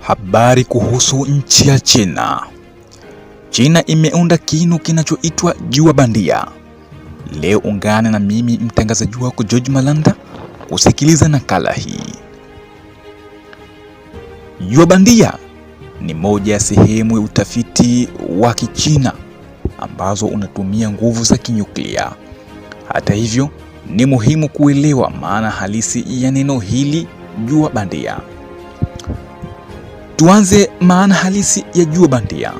Habari kuhusu nchi ya China. China imeunda kinu kinachoitwa jua bandia. Leo ungana na mimi mtangazaji wako George Malanda kusikiliza nakala hii. Jua bandia ni moja ya sehemu ya utafiti wa Kichina ambazo unatumia nguvu za kinyuklia. Hata hivyo, ni muhimu kuelewa maana halisi ya neno hili jua bandia. Tuanze maana halisi ya jua bandia.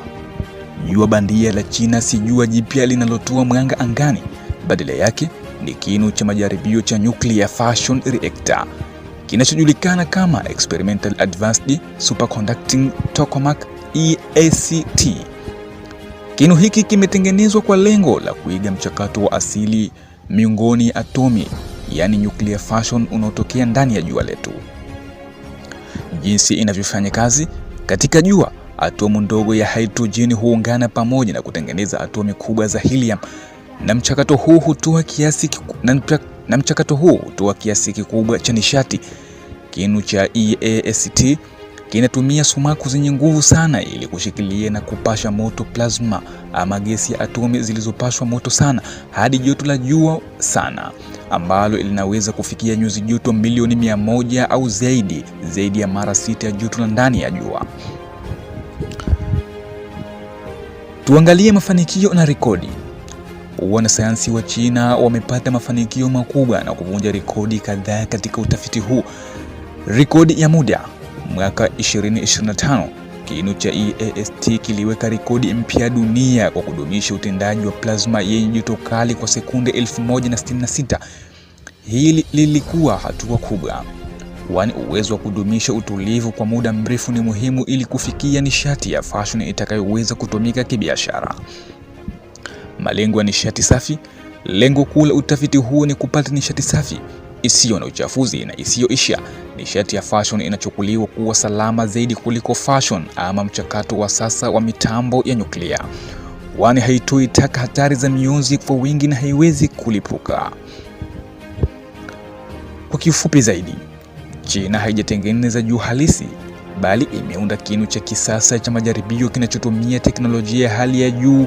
Jua bandia la China si jua jipya linalotua mwanga angani, badala yake ni kinu cha majaribio cha nuclear fusion reactor kinachojulikana kama Experimental Advanced Superconducting Tokamak EACT. Kinu hiki kimetengenezwa kwa lengo la kuiga mchakato wa asili miongoni ya atomi, yaani nuclear fusion, unaotokea ndani ya jua letu jinsi inavyofanya kazi katika jua. Atomu ndogo ya hidrojeni huungana pamoja na kutengeneza atomi kubwa za helium, na mchakato huu hutoa kiasi, na mchakato huu hutoa kiasi kikubwa cha nishati. Kinu cha east kinatumia sumaku zenye nguvu sana ili kushikilia na kupasha moto plasma ama gesi ya atomi zilizopashwa moto sana hadi joto la jua sana ambalo linaweza kufikia nyuzi joto milioni mia moja au zaidi, zaidi ya mara sita ya joto la ndani ya jua. Tuangalie mafanikio na rekodi. Wanasayansi wa China wamepata mafanikio makubwa na kuvunja rekodi kadhaa katika utafiti huu. Rekodi ya muda mwaka 2025 kinu cha EAST kiliweka rekodi mpya dunia kwa kudumisha utendaji wa plasma yenye joto kali kwa sekunde 1066. Hili lilikuwa hatua kubwa, kwani uwezo wa kudumisha utulivu kwa muda mrefu ni muhimu ili kufikia nishati ya fashion itakayoweza kutumika kibiashara. Malengo ya nishati safi. Lengo kuu la utafiti huo ni kupata nishati safi isiyo na uchafuzi na isiyoisha. Nishati ya fashion inachukuliwa kuwa salama zaidi kuliko fashion ama mchakato wa sasa wa mitambo ya nyuklia, kwani haitoi taka hatari za mionzi kwa wingi na haiwezi kulipuka. Kwa kifupi zaidi, China haijatengeneza juu halisi bali imeunda kinu cha kisasa cha majaribio kinachotumia teknolojia ya hali ya juu.